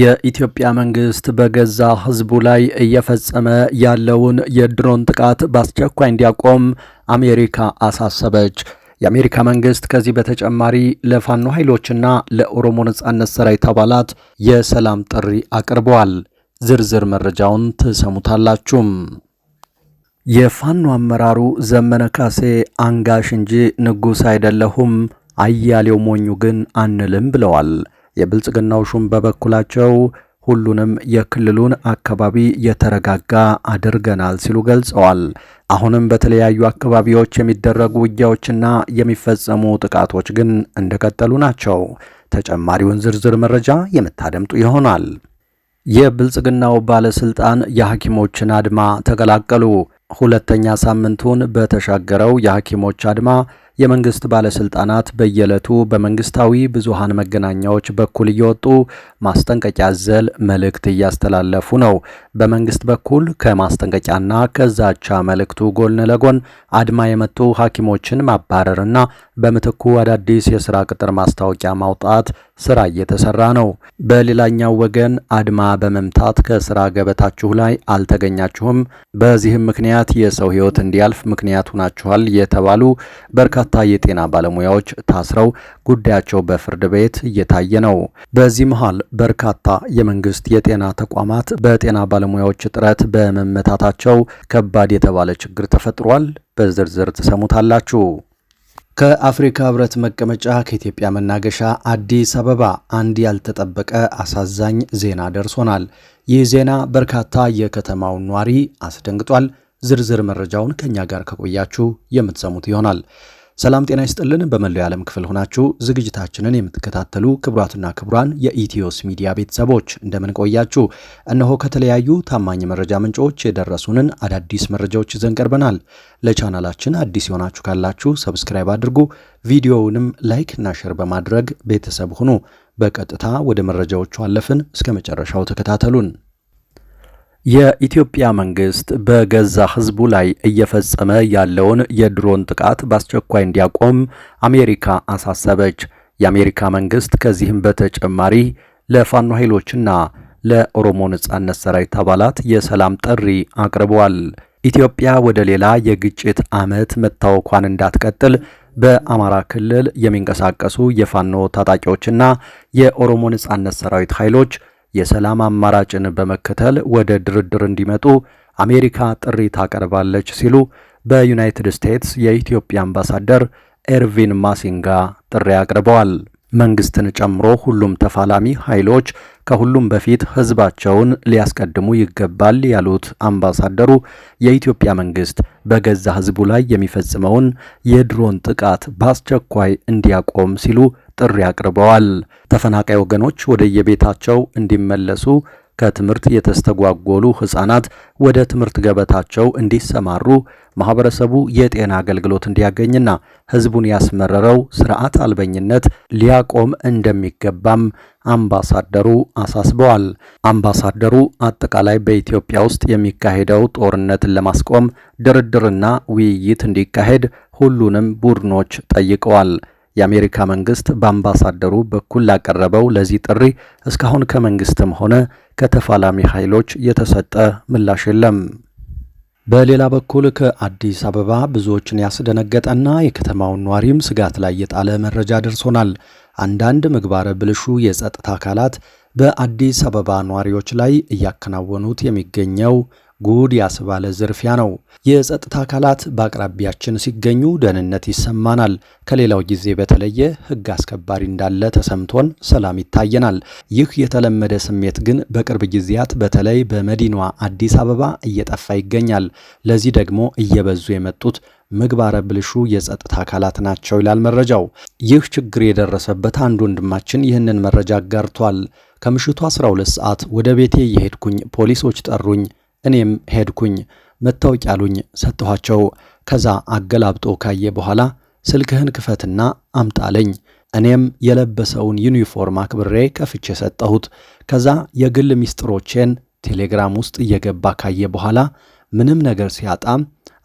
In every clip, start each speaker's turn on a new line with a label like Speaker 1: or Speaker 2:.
Speaker 1: የኢትዮጵያ መንግስት በገዛ ህዝቡ ላይ እየፈጸመ ያለውን የድሮን ጥቃት በአስቸኳይ እንዲያቆም አሜሪካ አሳሰበች። የአሜሪካ መንግስት ከዚህ በተጨማሪ ለፋኖ ኃይሎችና ለኦሮሞ ነጻነት ሰራዊት አባላት የሰላም ጥሪ አቅርበዋል። ዝርዝር መረጃውን ትሰሙታላችሁም። የፋኖ አመራሩ ዘመነ ካሴ አንጋሽ እንጂ ንጉሥ አይደለሁም አያሌው ሞኙ ግን አንልም ብለዋል። የብልጽግናው ሹም በበኩላቸው ሁሉንም የክልሉን አካባቢ የተረጋጋ አድርገናል ሲሉ ገልጸዋል። አሁንም በተለያዩ አካባቢዎች የሚደረጉ ውጊያዎችና የሚፈጸሙ ጥቃቶች ግን እንደቀጠሉ ናቸው። ተጨማሪውን ዝርዝር መረጃ የምታደምጡ ይሆናል። የብልጽግናው ባለስልጣን የሐኪሞችን አድማ ተቀላቀሉ። ሁለተኛ ሳምንቱን በተሻገረው የሐኪሞች አድማ የመንግስት ባለስልጣናት በየዕለቱ በመንግስታዊ ብዙሃን መገናኛዎች በኩል እየወጡ ማስጠንቀቂያ ዘል መልእክት እያስተላለፉ ነው። በመንግስት በኩል ከማስጠንቀቂያና ከዛቻ መልእክቱ ጎን ለጎን አድማ የመጡ ሐኪሞችን ማባረርና በምትኩ አዳዲስ የስራ ቅጥር ማስታወቂያ ማውጣት ስራ እየተሰራ ነው። በሌላኛው ወገን አድማ በመምታት ከስራ ገበታችሁ ላይ አልተገኛችሁም፣ በዚህም ምክንያት የሰው ህይወት እንዲያልፍ ምክንያት ሆናችኋል የተባሉ በርካታ የጤና ባለሙያዎች ታስረው ጉዳያቸው በፍርድ ቤት እየታየ ነው። በዚህ መሃል በርካታ የመንግስት የጤና ተቋማት በጤና ባለሙያዎች እጥረት በመመታታቸው ከባድ የተባለ ችግር ተፈጥሯል። በዝርዝር ትሰሙታላችሁ። ከአፍሪካ ህብረት መቀመጫ ከኢትዮጵያ መናገሻ አዲስ አበባ አንድ ያልተጠበቀ አሳዛኝ ዜና ደርሶናል። ይህ ዜና በርካታ የከተማውን ኗሪ አስደንግጧል። ዝርዝር መረጃውን ከእኛ ጋር ከቆያችሁ የምትሰሙት ይሆናል። ሰላም ጤና ይስጥልን። በመላው የዓለም ክፍል ሆናችሁ ዝግጅታችንን የምትከታተሉ ክቡራትና ክቡራን የኢትዮስ ሚዲያ ቤተሰቦች እንደምን ቆያችሁ? እነሆ ከተለያዩ ታማኝ መረጃ ምንጮች የደረሱንን አዳዲስ መረጃዎች ይዘን ቀርበናል። ለቻናላችን አዲስ የሆናችሁ ካላችሁ ሰብስክራይብ አድርጉ፣ ቪዲዮውንም ላይክ እና ሼር በማድረግ ቤተሰብ ሁኑ። በቀጥታ ወደ መረጃዎቹ አለፍን። እስከ መጨረሻው ተከታተሉን። የኢትዮጵያ መንግስት በገዛ ህዝቡ ላይ እየፈጸመ ያለውን የድሮን ጥቃት በአስቸኳይ እንዲያቆም አሜሪካ አሳሰበች። የአሜሪካ መንግስት ከዚህም በተጨማሪ ለፋኖ ኃይሎችና ለኦሮሞ ነጻነት ሰራዊት አባላት የሰላም ጥሪ አቅርቧል። ኢትዮጵያ ወደ ሌላ የግጭት ዓመት መታወኳን እንዳትቀጥል በአማራ ክልል የሚንቀሳቀሱ የፋኖ ታጣቂዎችና የኦሮሞ ነጻነት ሰራዊት ኃይሎች የሰላም አማራጭን በመከተል ወደ ድርድር እንዲመጡ አሜሪካ ጥሪ ታቀርባለች ሲሉ በዩናይትድ ስቴትስ የኢትዮጵያ አምባሳደር ኤርቪን ማሲንጋ ጥሪ አቅርበዋል። መንግስትን ጨምሮ ሁሉም ተፋላሚ ኃይሎች ከሁሉም በፊት ህዝባቸውን ሊያስቀድሙ ይገባል ያሉት አምባሳደሩ የኢትዮጵያ መንግስት በገዛ ሕዝቡ ላይ የሚፈጽመውን የድሮን ጥቃት በአስቸኳይ እንዲያቆም ሲሉ ጥሪ አቅርበዋል። ተፈናቃይ ወገኖች ወደ የቤታቸው እንዲመለሱ ከትምህርት የተስተጓጎሉ ሕፃናት ወደ ትምህርት ገበታቸው እንዲሰማሩ ማህበረሰቡ የጤና አገልግሎት እንዲያገኝና ሕዝቡን ያስመረረው ስርዓት አልበኝነት ሊያቆም እንደሚገባም አምባሳደሩ አሳስበዋል። አምባሳደሩ አጠቃላይ በኢትዮጵያ ውስጥ የሚካሄደው ጦርነትን ለማስቆም ድርድርና ውይይት እንዲካሄድ ሁሉንም ቡድኖች ጠይቀዋል። የአሜሪካ መንግስት በአምባሳደሩ በኩል ላቀረበው ለዚህ ጥሪ እስካሁን ከመንግስትም ሆነ ከተፋላሚ ኃይሎች የተሰጠ ምላሽ የለም። በሌላ በኩል ከአዲስ አበባ ብዙዎችን ያስደነገጠና የከተማውን ኗሪም ስጋት ላይ የጣለ መረጃ ደርሶናል። አንዳንድ ምግባረ ብልሹ የጸጥታ አካላት በአዲስ አበባ ኗሪዎች ላይ እያከናወኑት የሚገኘው ጉድ ያስባለ ዝርፊያ ነው። የጸጥታ አካላት በአቅራቢያችን ሲገኙ ደህንነት ይሰማናል። ከሌላው ጊዜ በተለየ ሕግ አስከባሪ እንዳለ ተሰምቶን ሰላም ይታየናል። ይህ የተለመደ ስሜት ግን በቅርብ ጊዜያት በተለይ በመዲናዋ አዲስ አበባ እየጠፋ ይገኛል። ለዚህ ደግሞ እየበዙ የመጡት ምግባረ ብልሹ የጸጥታ አካላት ናቸው ይላል መረጃው። ይህ ችግር የደረሰበት አንድ ወንድማችን ይህንን መረጃ አጋርቷል። ከምሽቱ 12 ሰዓት ወደ ቤቴ የሄድኩኝ ፖሊሶች ጠሩኝ እኔም ሄድኩኝ። መታወቂያ አሉኝ፣ ሰጠኋቸው። ከዛ አገላብጦ ካየ በኋላ ስልክህን ክፈትና አምጣለኝ። እኔም የለበሰውን ዩኒፎርም አክብሬ ከፍቼ ሰጠሁት። ከዛ የግል ሚስጥሮቼን ቴሌግራም ውስጥ እየገባ ካየ በኋላ ምንም ነገር ሲያጣ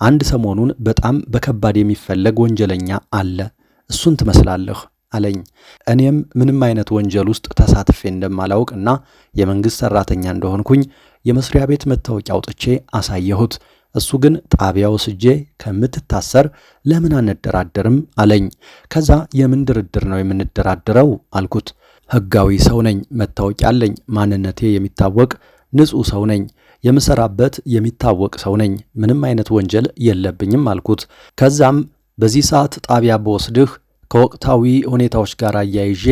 Speaker 1: አንድ ሰሞኑን በጣም በከባድ የሚፈለግ ወንጀለኛ አለ፣ እሱን ትመስላለህ አለኝ። እኔም ምንም አይነት ወንጀል ውስጥ ተሳትፌ እንደማላውቅና የመንግሥት ሠራተኛ እንደሆንኩኝ የመስሪያ ቤት መታወቂያ አውጥቼ አሳየሁት። እሱ ግን ጣቢያ ወስጄ ከምትታሰር ለምን አንደራደርም አለኝ። ከዛ የምን ድርድር ነው የምንደራደረው አልኩት። ሕጋዊ ሰው ነኝ፣ መታወቂያ አለኝ፣ ማንነቴ የሚታወቅ ንጹሕ ሰው ነኝ፣ የምሰራበት የሚታወቅ ሰው ነኝ፣ ምንም አይነት ወንጀል የለብኝም አልኩት። ከዛም በዚህ ሰዓት ጣቢያ በወስድህ ከወቅታዊ ሁኔታዎች ጋር አያይዤ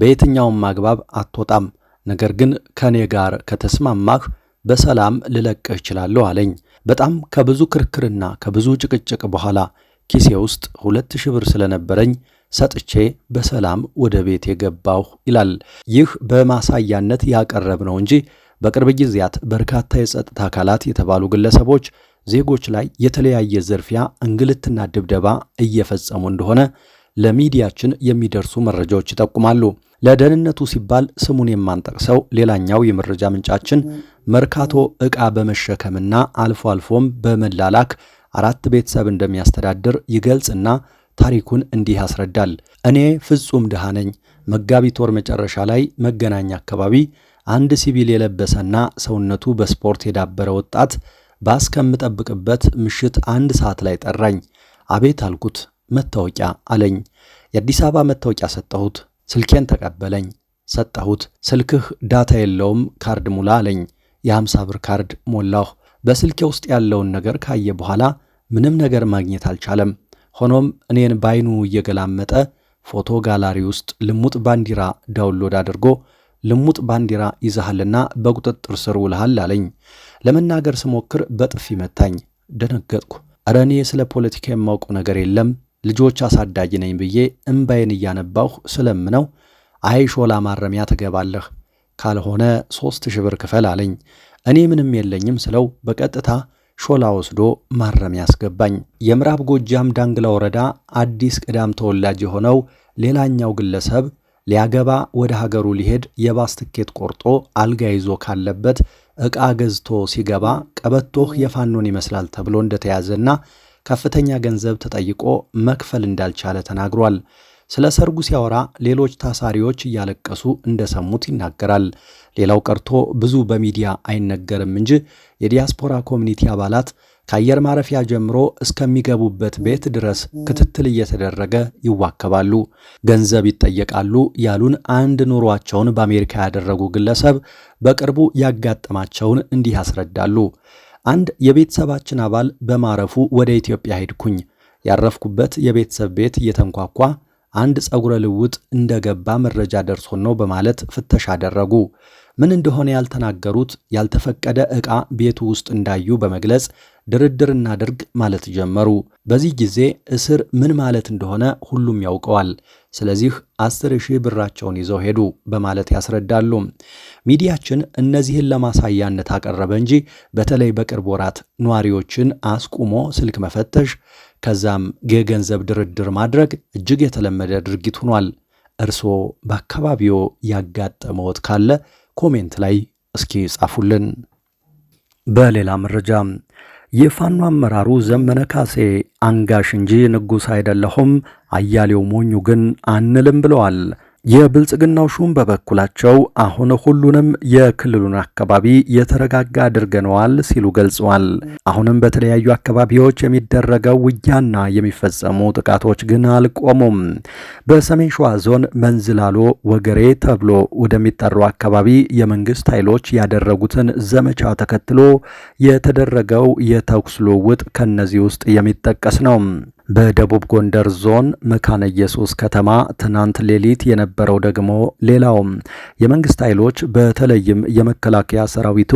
Speaker 1: በየትኛውም አግባብ አትወጣም፣ ነገር ግን ከእኔ ጋር ከተስማማህ በሰላም ልለቅህ እችላለሁ አለኝ። በጣም ከብዙ ክርክርና ከብዙ ጭቅጭቅ በኋላ ኪሴ ውስጥ ሁለት ሺህ ብር ስለነበረኝ ሰጥቼ በሰላም ወደ ቤት የገባሁ ይላል። ይህ በማሳያነት ያቀረብ ነው እንጂ በቅርብ ጊዜያት በርካታ የጸጥታ አካላት የተባሉ ግለሰቦች ዜጎች ላይ የተለያየ ዝርፊያ፣ እንግልትና ድብደባ እየፈጸሙ እንደሆነ ለሚዲያችን የሚደርሱ መረጃዎች ይጠቁማሉ። ለደህንነቱ ሲባል ስሙን የማንጠቅሰው ሌላኛው የመረጃ ምንጫችን መርካቶ ዕቃ በመሸከምና አልፎ አልፎም በመላላክ አራት ቤተሰብ እንደሚያስተዳድር ይገልጽና ታሪኩን እንዲህ ያስረዳል። እኔ ፍጹም ድሃ ነኝ። መጋቢት ወር መጨረሻ ላይ መገናኛ አካባቢ አንድ ሲቪል የለበሰና ሰውነቱ በስፖርት የዳበረ ወጣት ባስከምጠብቅበት ምሽት አንድ ሰዓት ላይ ጠራኝ። አቤት አልኩት። መታወቂያ አለኝ። የአዲስ አበባ መታወቂያ ሰጠሁት። ስልኬን ተቀበለኝ። ሰጠሁት። ስልክህ ዳታ የለውም ካርድ ሙላ አለኝ። የ50 ብር ካርድ ሞላሁ። በስልኬ ውስጥ ያለውን ነገር ካየ በኋላ ምንም ነገር ማግኘት አልቻለም። ሆኖም እኔን ባይኑ እየገላመጠ ፎቶ ጋላሪ ውስጥ ልሙጥ ባንዲራ ዳውንሎድ አድርጎ ልሙጥ ባንዲራ ይዘሃልና በቁጥጥር ስር ውልሃል አለኝ። ለመናገር ስሞክር በጥፊ መታኝ። ደነገጥኩ። እረ እኔ ስለ ፖለቲካ የማውቀው ነገር የለም ልጆች አሳዳጊ ነኝ ብዬ እምባዬን እያነባሁ ስለምነው አይ ሾላ ማረሚያ ትገባለህ፣ ካልሆነ ሦስት ሺህ ብር ክፈል አለኝ። እኔ ምንም የለኝም ስለው በቀጥታ ሾላ ወስዶ ማረሚያ አስገባኝ። የምዕራብ ጎጃም ዳንግላ ወረዳ አዲስ ቅዳም ተወላጅ የሆነው ሌላኛው ግለሰብ ሊያገባ ወደ ሀገሩ ሊሄድ የባስ ትኬት ቆርጦ አልጋ ይዞ ካለበት ዕቃ ገዝቶ ሲገባ ቀበቶህ የፋኖን ይመስላል ተብሎ እንደተያዘና ከፍተኛ ገንዘብ ተጠይቆ መክፈል እንዳልቻለ ተናግሯል። ስለ ሰርጉ ሲያወራ ሌሎች ታሳሪዎች እያለቀሱ እንደሰሙት ይናገራል። ሌላው ቀርቶ ብዙ በሚዲያ አይነገርም እንጂ የዲያስፖራ ኮሚኒቲ አባላት ከአየር ማረፊያ ጀምሮ እስከሚገቡበት ቤት ድረስ ክትትል እየተደረገ ይዋከባሉ፣ ገንዘብ ይጠየቃሉ ያሉን አንድ ኑሯቸውን በአሜሪካ ያደረጉ ግለሰብ በቅርቡ ያጋጠማቸውን እንዲህ ያስረዳሉ። አንድ የቤተሰባችን አባል በማረፉ ወደ ኢትዮጵያ ሄድኩኝ። ያረፍኩበት የቤተሰብ ቤት እየተንኳኳ አንድ ጸጉረ ልውጥ እንደገባ መረጃ ደርሶን ነው በማለት ፍተሻ አደረጉ። ምን እንደሆነ ያልተናገሩት ያልተፈቀደ ዕቃ ቤቱ ውስጥ እንዳዩ በመግለጽ ድርድር እናድርግ ማለት ጀመሩ። በዚህ ጊዜ እስር ምን ማለት እንደሆነ ሁሉም ያውቀዋል። ስለዚህ አስር ሺህ ብራቸውን ይዘው ሄዱ በማለት ያስረዳሉ። ሚዲያችን እነዚህን ለማሳያነት አቀረበ እንጂ በተለይ በቅርብ ወራት ነዋሪዎችን አስቁሞ ስልክ መፈተሽ ከዛም የገንዘብ ድርድር ማድረግ እጅግ የተለመደ ድርጊት ሆኗል። እርስዎ በአካባቢዎ ያጋጠመዎት ካለ ኮሜንት ላይ እስኪ ጻፉልን። በሌላ መረጃ የፋኖ አመራሩ ዘመነ ካሴ አንጋሽ እንጂ ንጉሥ አይደለሁም አያሌው ሞኙ ግን አንልም ብለዋል። የብልጽግናው ሹም በበኩላቸው አሁን ሁሉንም የክልሉን አካባቢ የተረጋጋ አድርገነዋል ሲሉ ገልጸዋል። አሁንም በተለያዩ አካባቢዎች የሚደረገው ውጊያና የሚፈጸሙ ጥቃቶች ግን አልቆሙም። በሰሜን ሸዋ ዞን መንዝላሎ ወገሬ ተብሎ ወደሚጠራው አካባቢ የመንግስት ኃይሎች ያደረጉትን ዘመቻ ተከትሎ የተደረገው የተኩስ ልውውጥ ከነዚህ ውስጥ የሚጠቀስ ነው። በደቡብ ጎንደር ዞን መካነ ኢየሱስ ከተማ ትናንት ሌሊት የነበረው ደግሞ ሌላውም የመንግስት ኃይሎች በተለይም የመከላከያ ሰራዊቱ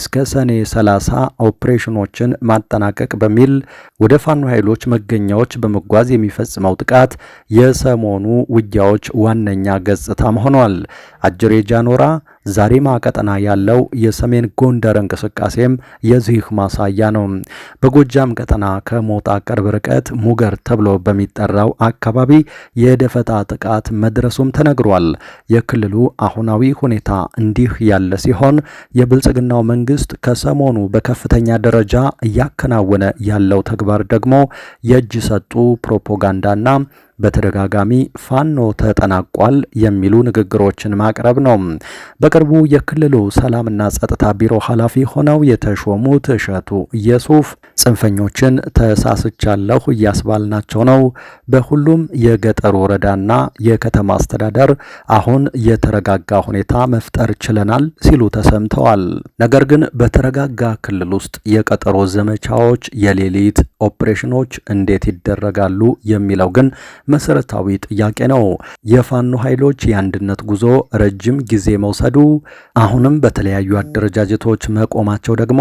Speaker 1: እስከ ሰኔ 30 ኦፕሬሽኖችን ማጠናቀቅ በሚል ወደ ፋኖ ኃይሎች መገኛዎች በመጓዝ የሚፈጽመው ጥቃት የሰሞኑ ውጊያዎች ዋነኛ ገጽታም ሆኗል። አጅሬ ጃኖራ ዛሪማ ቀጠና ያለው የሰሜን ጎንደር እንቅስቃሴም የዚህ ማሳያ ነው። በጎጃም ቀጠና ከሞጣ ቅርብ ርቀት ሙገር ተብሎ በሚጠራው አካባቢ የደፈጣ ጥቃት መድረሱም ተነግሯል። የክልሉ አሁናዊ ሁኔታ እንዲህ ያለ ሲሆን የብልጽግናው መንግስት ከሰሞኑ በከፍተኛ ደረጃ እያከናወነ ያለው ተግባር ደግሞ የእጅ ሰጡ ፕሮፓጋንዳና በተደጋጋሚ ፋኖ ተጠናቋል የሚሉ ንግግሮችን ማቅረብ ነው። በቅርቡ የክልሉ ሰላምና ጸጥታ ቢሮ ኃላፊ ሆነው የተሾሙት እሸቱ ኢየሱፍ ጽንፈኞችን ተሳስቻለሁ እያስባልናቸው ነው፣ በሁሉም የገጠር ወረዳና የከተማ አስተዳደር አሁን የተረጋጋ ሁኔታ መፍጠር ችለናል ሲሉ ተሰምተዋል። ነገር ግን በተረጋጋ ክልል ውስጥ የቀጠሮ ዘመቻዎች፣ የሌሊት ኦፕሬሽኖች እንዴት ይደረጋሉ የሚለው ግን መሰረታዊ ጥያቄ ነው። የፋኖ ኃይሎች የአንድነት ጉዞ ረጅም ጊዜ መውሰዱ፣ አሁንም በተለያዩ አደረጃጀቶች መቆማቸው ደግሞ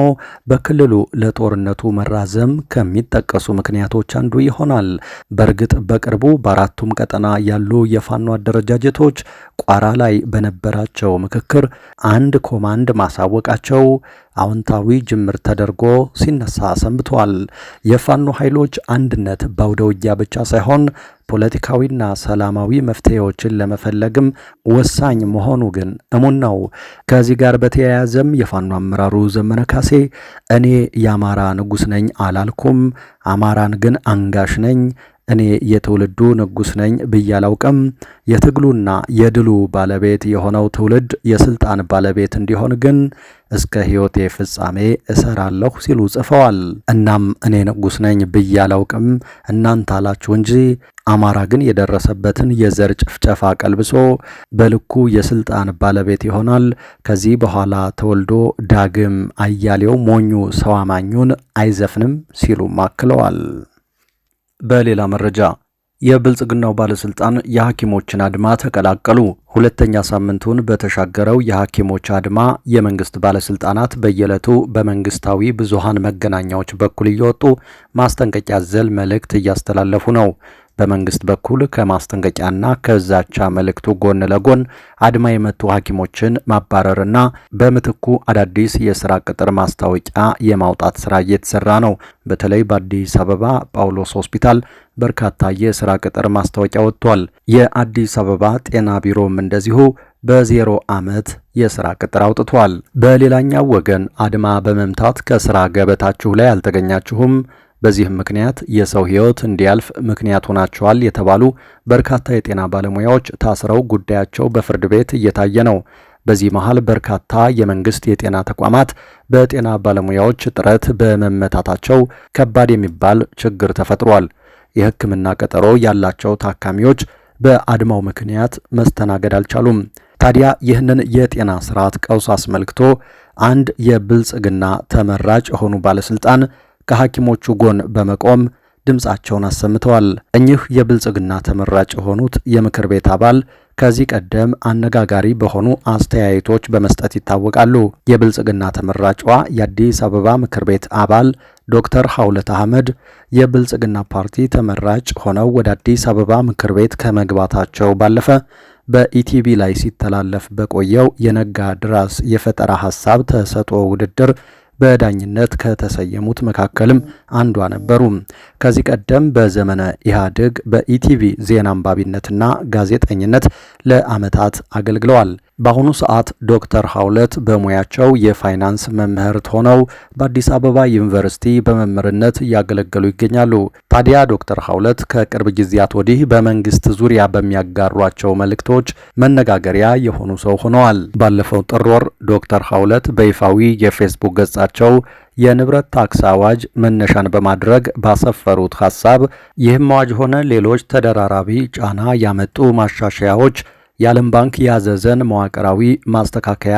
Speaker 1: በክልሉ ለጦርነቱ መራዘም ከሚጠቀሱ ምክንያቶች አንዱ ይሆናል። በእርግጥ በቅርቡ በአራቱም ቀጠና ያሉ የፋኖ አደረጃጀቶች ቋራ ላይ በነበራቸው ምክክር አንድ ኮማንድ ማሳወቃቸው አዎንታዊ ጅምር ተደርጎ ሲነሳ ሰንብተዋል። የፋኖ ኃይሎች አንድነት በአውደ ውጊያ ብቻ ሳይሆን ፖለቲካዊና ሰላማዊ መፍትሄዎችን ለመፈለግም ወሳኝ መሆኑ ግን እሙን ነው። ከዚህ ጋር በተያያዘም የፋኖ አመራሩ ዘመነ ካሴ እኔ የአማራ ንጉሥ ነኝ አላልኩም፣ አማራን ግን አንጋሽ ነኝ እኔ የትውልዱ ንጉስ ነኝ ብዬ አላውቅም። የትግሉና የድሉ ባለቤት የሆነው ትውልድ የስልጣን ባለቤት እንዲሆን ግን እስከ ሕይወቴ ፍጻሜ እሰራለሁ ሲሉ ጽፈዋል። እናም እኔ ንጉስ ነኝ ብዬ አላውቅም እናንተ አላችሁ እንጂ አማራ ግን የደረሰበትን የዘር ጭፍጨፋ ቀልብሶ በልኩ የስልጣን ባለቤት ይሆናል። ከዚህ በኋላ ተወልዶ ዳግም አያሌው ሞኙ ሰው አማኙን አይዘፍንም ሲሉም አክለዋል። በሌላ መረጃ የብልጽግናው ባለስልጣን የሐኪሞችን አድማ ተቀላቀሉ። ሁለተኛ ሳምንቱን በተሻገረው የሐኪሞች አድማ የመንግስት ባለስልጣናት በየዕለቱ በመንግስታዊ ብዙሃን መገናኛዎች በኩል እየወጡ ማስጠንቀቂያ ዘል መልእክት እያስተላለፉ ነው። በመንግስት በኩል ከማስጠንቀቂያና ከዛቻ መልእክቱ ጎን ለጎን አድማ የመቱ ሐኪሞችን ማባረርና በምትኩ አዳዲስ የስራ ቅጥር ማስታወቂያ የማውጣት ስራ እየተሰራ ነው። በተለይ በአዲስ አበባ ጳውሎስ ሆስፒታል በርካታ የስራ ቅጥር ማስታወቂያ ወጥቷል። የአዲስ አበባ ጤና ቢሮም እንደዚሁ በዜሮ ዓመት የስራ ቅጥር አውጥቷል። በሌላኛው ወገን አድማ በመምታት ከስራ ገበታችሁ ላይ አልተገኛችሁም በዚህም ምክንያት የሰው ሕይወት እንዲያልፍ ምክንያት ሆናቸዋል የተባሉ በርካታ የጤና ባለሙያዎች ታስረው ጉዳያቸው በፍርድ ቤት እየታየ ነው። በዚህ መሃል በርካታ የመንግስት የጤና ተቋማት በጤና ባለሙያዎች ጥረት በመመታታቸው ከባድ የሚባል ችግር ተፈጥሯል። የሕክምና ቀጠሮ ያላቸው ታካሚዎች በአድማው ምክንያት መስተናገድ አልቻሉም። ታዲያ ይህንን የጤና ስርዓት ቀውስ አስመልክቶ አንድ የብልጽግና ተመራጭ የሆኑ ባለስልጣን ከሐኪሞቹ ጎን በመቆም ድምፃቸውን አሰምተዋል። እኚህ የብልጽግና ተመራጭ የሆኑት የምክር ቤት አባል ከዚህ ቀደም አነጋጋሪ በሆኑ አስተያየቶች በመስጠት ይታወቃሉ። የብልጽግና ተመራጯ የአዲስ አበባ ምክር ቤት አባል ዶክተር ሐውለት አህመድ የብልጽግና ፓርቲ ተመራጭ ሆነው ወደ አዲስ አበባ ምክር ቤት ከመግባታቸው ባለፈ በኢቲቪ ላይ ሲተላለፍ በቆየው የነጋ ድራስ የፈጠራ ሀሳብ ተሰጥኦ ውድድር በዳኝነት ከተሰየሙት መካከልም አንዷ ነበሩ። ከዚህ ቀደም በዘመነ ኢህአዴግ በኢቲቪ ዜና አንባቢነትና ጋዜጠኝነት ለአመታት አገልግለዋል። በአሁኑ ሰዓት ዶክተር ሀውለት በሙያቸው የፋይናንስ መምህርት ሆነው በአዲስ አበባ ዩኒቨርሲቲ በመምህርነት እያገለገሉ ይገኛሉ። ታዲያ ዶክተር ሀውለት ከቅርብ ጊዜያት ወዲህ በመንግስት ዙሪያ በሚያጋሯቸው መልእክቶች መነጋገሪያ የሆኑ ሰው ሆነዋል። ባለፈው ጥር ወር ዶክተር ሀውለት በይፋዊ የፌስቡክ ገጻቸው የንብረት ታክስ አዋጅ መነሻን በማድረግ ባሰፈሩት ሀሳብ ይህም አዋጅ ሆነ ሌሎች ተደራራቢ ጫና ያመጡ ማሻሻያዎች የዓለም ባንክ ያዘዘን መዋቅራዊ ማስተካከያ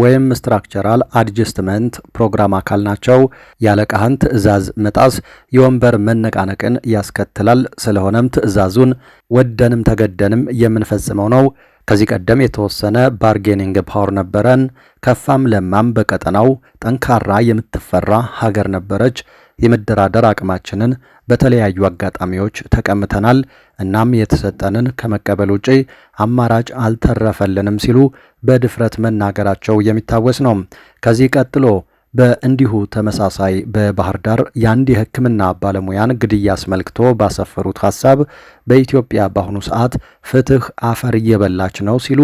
Speaker 1: ወይም ስትራክቸራል አድጀስትመንት ፕሮግራም አካል ናቸው። የአለቃህን ትዕዛዝ መጣስ የወንበር መነቃነቅን ያስከትላል። ስለሆነም ትዕዛዙን ወደንም ተገደንም የምንፈጽመው ነው። ከዚህ ቀደም የተወሰነ ባርጌኒንግ ፓወር ነበረን። ከፋም ለማም በቀጠናው ጠንካራ የምትፈራ ሀገር ነበረች። የመደራደር አቅማችንን በተለያዩ አጋጣሚዎች ተቀምተናል። እናም የተሰጠንን ከመቀበል ውጪ አማራጭ አልተረፈልንም ሲሉ በድፍረት መናገራቸው የሚታወስ ነው። ከዚህ ቀጥሎ በእንዲሁ ተመሳሳይ በባህር ዳር የአንድ የሕክምና ባለሙያን ግድያ አስመልክቶ ባሰፈሩት ሀሳብ በኢትዮጵያ በአሁኑ ሰዓት ፍትህ አፈር እየበላች ነው ሲሉ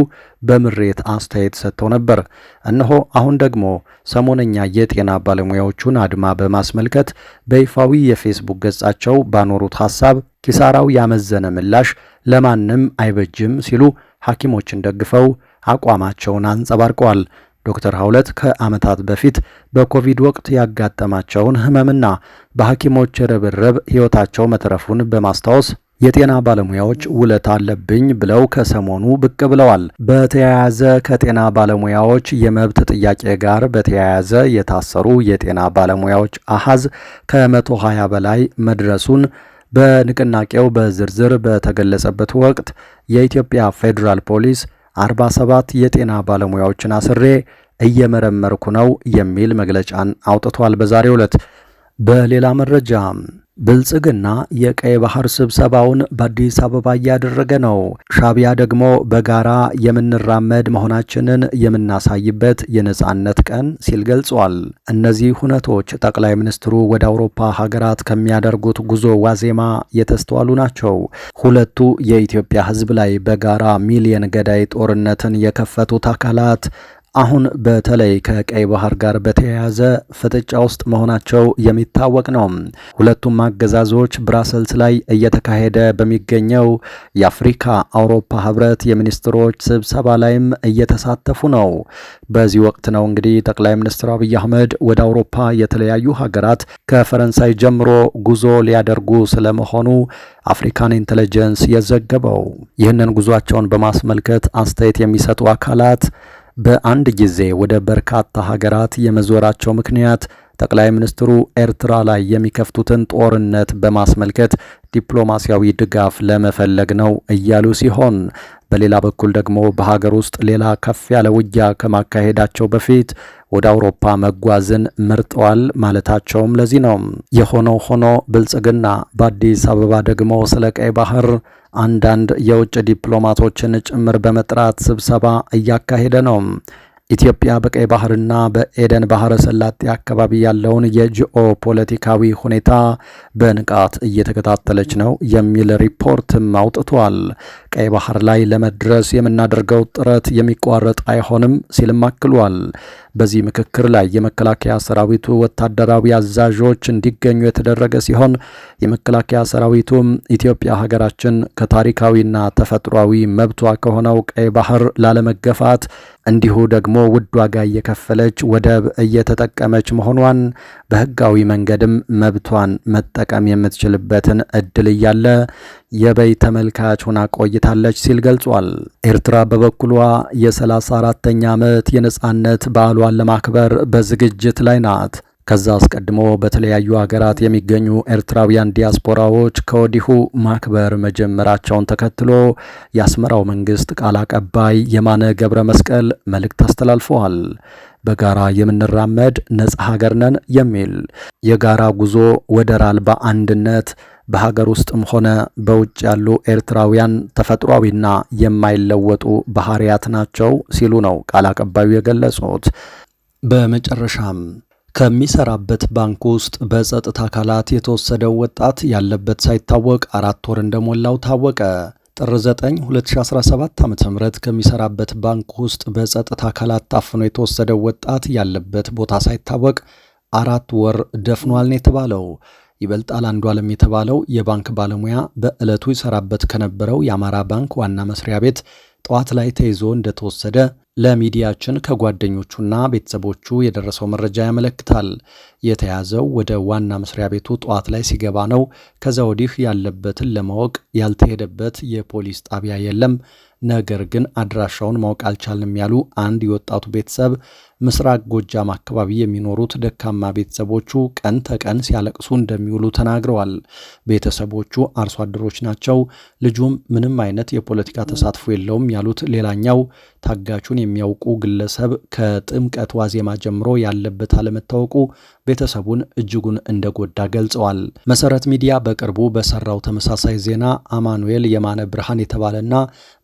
Speaker 1: በምሬት አስተያየት ሰጥተው ነበር። እነሆ አሁን ደግሞ ሰሞነኛ የጤና ባለሙያዎቹን አድማ በማስመልከት በይፋዊ የፌስቡክ ገጻቸው ባኖሩት ሀሳብ ኪሳራው ያመዘነ ምላሽ ለማንም አይበጅም ሲሉ ሐኪሞችን ደግፈው አቋማቸውን አንጸባርቀዋል። ዶክተር ሀውለት ከዓመታት በፊት በኮቪድ ወቅት ያጋጠማቸውን ህመምና በሐኪሞች ርብርብ ሕይወታቸው መትረፉን በማስታወስ የጤና ባለሙያዎች ውለታ አለብኝ ብለው ከሰሞኑ ብቅ ብለዋል። በተያያዘ ከጤና ባለሙያዎች የመብት ጥያቄ ጋር በተያያዘ የታሰሩ የጤና ባለሙያዎች አሃዝ ከ120 በላይ መድረሱን በንቅናቄው በዝርዝር በተገለጸበት ወቅት የኢትዮጵያ ፌዴራል ፖሊስ 47 የጤና ባለሙያዎችን አስሬ እየመረመርኩ ነው የሚል መግለጫን አውጥቷል በዛሬው ዕለት። በሌላ መረጃ ብልጽግና የቀይ ባህር ስብሰባውን በአዲስ አበባ እያደረገ ነው። ሻቢያ ደግሞ በጋራ የምንራመድ መሆናችንን የምናሳይበት የነጻነት ቀን ሲል ገልጿል። እነዚህ ሁነቶች ጠቅላይ ሚኒስትሩ ወደ አውሮፓ ሀገራት ከሚያደርጉት ጉዞ ዋዜማ የተስተዋሉ ናቸው። ሁለቱ የኢትዮጵያ ሕዝብ ላይ በጋራ ሚሊየን ገዳይ ጦርነትን የከፈቱት አካላት አሁን በተለይ ከቀይ ባህር ጋር በተያያዘ ፍጥጫ ውስጥ መሆናቸው የሚታወቅ ነው። ሁለቱም አገዛዞች ብራሰልስ ላይ እየተካሄደ በሚገኘው የአፍሪካ አውሮፓ ህብረት የሚኒስትሮች ስብሰባ ላይም እየተሳተፉ ነው። በዚህ ወቅት ነው እንግዲህ ጠቅላይ ሚኒስትር አብይ አህመድ ወደ አውሮፓ የተለያዩ ሀገራት ከፈረንሳይ ጀምሮ ጉዞ ሊያደርጉ ስለመሆኑ አፍሪካን ኢንተለጀንስ የዘገበው። ይህንን ጉዟቸውን በማስመልከት አስተያየት የሚሰጡ አካላት በአንድ ጊዜ ወደ በርካታ ሀገራት የመዞራቸው ምክንያት ጠቅላይ ሚኒስትሩ ኤርትራ ላይ የሚከፍቱትን ጦርነት በማስመልከት ዲፕሎማሲያዊ ድጋፍ ለመፈለግ ነው እያሉ ሲሆን፣ በሌላ በኩል ደግሞ በሀገር ውስጥ ሌላ ከፍ ያለ ውጊያ ከማካሄዳቸው በፊት ወደ አውሮፓ መጓዝን መርጠዋል ማለታቸውም ለዚህ ነው። የሆነው ሆኖ ብልጽግና በአዲስ አበባ ደግሞ ስለ ቀይ ባህር አንዳንድ የውጭ ዲፕሎማቶችን ጭምር በመጥራት ስብሰባ እያካሄደ ነው። ኢትዮጵያ በቀይ ባህርና በኤደን ባህረ ሰላጤ አካባቢ ያለውን የጂኦ ፖለቲካዊ ሁኔታ በንቃት እየተከታተለች ነው የሚል ሪፖርትም አውጥቷል። ቀይ ባህር ላይ ለመድረስ የምናደርገው ጥረት የሚቋረጥ አይሆንም ሲልም አክሏል። በዚህ ምክክር ላይ የመከላከያ ሰራዊቱ ወታደራዊ አዛዦች እንዲገኙ የተደረገ ሲሆን የመከላከያ ሰራዊቱም ኢትዮጵያ ሀገራችን ከታሪካዊና ተፈጥሯዊ መብቷ ከሆነው ቀይ ባህር ላለመገፋት እንዲሁ ደግሞ ውድ ዋጋ እየከፈለች ወደብ እየተጠቀመች መሆኗን በህጋዊ መንገድም መብቷን መጠቀም የምትችልበትን እድል እያለ የበይ ተመልካች ሆና ቆይታለች ሲል ገልጿል። ኤርትራ በበኩሏ የ 34 ተኛ ዓመት የነጻነት በዓሏ በዓሏን ለማክበር በዝግጅት ላይ ናት። ከዛ አስቀድሞ በተለያዩ ሀገራት የሚገኙ ኤርትራውያን ዲያስፖራዎች ከወዲሁ ማክበር መጀመራቸውን ተከትሎ የአስመራው መንግስት ቃል አቀባይ የማነ ገብረ መስቀል መልእክት አስተላልፈዋል። በጋራ የምንራመድ ነጻ ሀገር ነን የሚል የጋራ ጉዞ ወደር አልባ አንድነት በሀገር ውስጥም ሆነ በውጭ ያሉ ኤርትራውያን ተፈጥሯዊና የማይለወጡ ባህሪያት ናቸው ሲሉ ነው ቃል አቀባዩ የገለጹት። በመጨረሻም ከሚሰራበት ባንክ ውስጥ በጸጥታ አካላት የተወሰደው ወጣት ያለበት ሳይታወቅ አራት ወር እንደሞላው ታወቀ። ጥር 9 2017 ዓ ም ከሚሰራበት ባንክ ውስጥ በጸጥታ አካላት ታፍኖ የተወሰደው ወጣት ያለበት ቦታ ሳይታወቅ አራት ወር ደፍኗል ነው የተባለው። ይበልጣል አለም የተባለው የባንክ ባለሙያ በዕለቱ ይሰራበት ከነበረው የአማራ ባንክ ዋና መስሪያ ቤት ጠዋት ላይ ተይዞ እንደተወሰደ ለሚዲያችን ከጓደኞቹና ቤተሰቦቹ የደረሰው መረጃ ያመለክታል። የተያዘው ወደ ዋና መስሪያ ቤቱ ጠዋት ላይ ሲገባ ነው። ከዛ ወዲህ ያለበትን ለማወቅ ያልተሄደበት የፖሊስ ጣቢያ የለም። ነገር ግን አድራሻውን ማወቅ አልቻልንም ያሉ አንድ የወጣቱ ቤተሰብ ምስራቅ ጎጃም አካባቢ የሚኖሩት ደካማ ቤተሰቦቹ ቀን ተቀን ሲያለቅሱ እንደሚውሉ ተናግረዋል። ቤተሰቦቹ አርሶ አደሮች ናቸው፣ ልጁም ምንም አይነት የፖለቲካ ተሳትፎ የለውም ያሉት ሌላኛው ታጋቹን የሚያውቁ ግለሰብ ከጥምቀት ዋዜማ ጀምሮ ያለበት አለመታወቁ ቤተሰቡን እጅጉን እንደጎዳ ገልጸዋል። መሰረት ሚዲያ በቅርቡ በሰራው ተመሳሳይ ዜና አማኑኤል የማነ ብርሃን የተባለና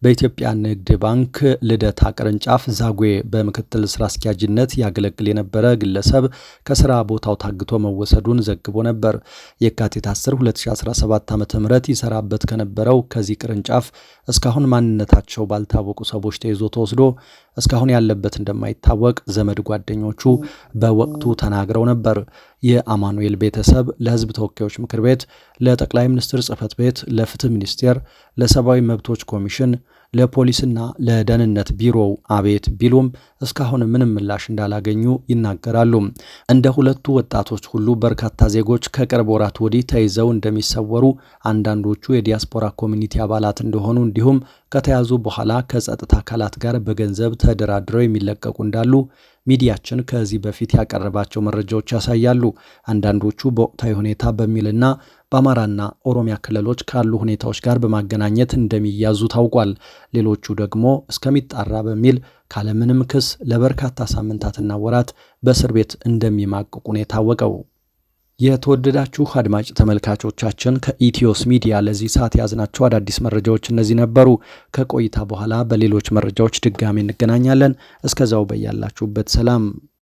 Speaker 1: በኢትዮጵያ ንግድ ባንክ ልደታ ቅርንጫፍ ዛጉዌ በምክትል ስራ አስኪያጅነት ያገለግል የነበረ ግለሰብ ከስራ ቦታው ታግቶ መወሰዱን ዘግቦ ነበር። የካቲት 10 2017 ዓ ም ይሰራበት ከነበረው ከዚህ ቅርንጫፍ እስካሁን ማንነታቸው ባልታወቁ ሰዎች ተይዞ ተወስ ተወስዶ እስካሁን ያለበት እንደማይታወቅ ዘመድ ጓደኞቹ በወቅቱ ተናግረው ነበር። የአማኑኤል ቤተሰብ ለሕዝብ ተወካዮች ምክር ቤት፣ ለጠቅላይ ሚኒስትር ጽህፈት ቤት፣ ለፍትህ ሚኒስቴር፣ ለሰብአዊ መብቶች ኮሚሽን ለፖሊስና ለደህንነት ቢሮው አቤት ቢሉም እስካሁን ምንም ምላሽ እንዳላገኙ ይናገራሉ። እንደ ሁለቱ ወጣቶች ሁሉ በርካታ ዜጎች ከቅርብ ወራት ወዲህ ተይዘው እንደሚሰወሩ፣ አንዳንዶቹ የዲያስፖራ ኮሚኒቲ አባላት እንደሆኑ እንዲሁም ከተያዙ በኋላ ከጸጥታ አካላት ጋር በገንዘብ ተደራድረው የሚለቀቁ እንዳሉ ሚዲያችን ከዚህ በፊት ያቀረባቸው መረጃዎች ያሳያሉ። አንዳንዶቹ በወቅታዊ ሁኔታ በሚልና በአማራና ኦሮሚያ ክልሎች ካሉ ሁኔታዎች ጋር በማገናኘት እንደሚያዙ ታውቋል። ሌሎቹ ደግሞ እስከሚጣራ በሚል ካለምንም ክስ ለበርካታ ሳምንታትና ወራት በእስር ቤት እንደሚማቅቁ ነው የታወቀው። የተወደዳችሁ አድማጭ ተመልካቾቻችን ከኢትዮስ ሚዲያ ለዚህ ሰዓት ያዝናቸው አዳዲስ መረጃዎች እነዚህ ነበሩ። ከቆይታ በኋላ በሌሎች መረጃዎች ድጋሚ እንገናኛለን። እስከዛው በያላችሁበት ሰላም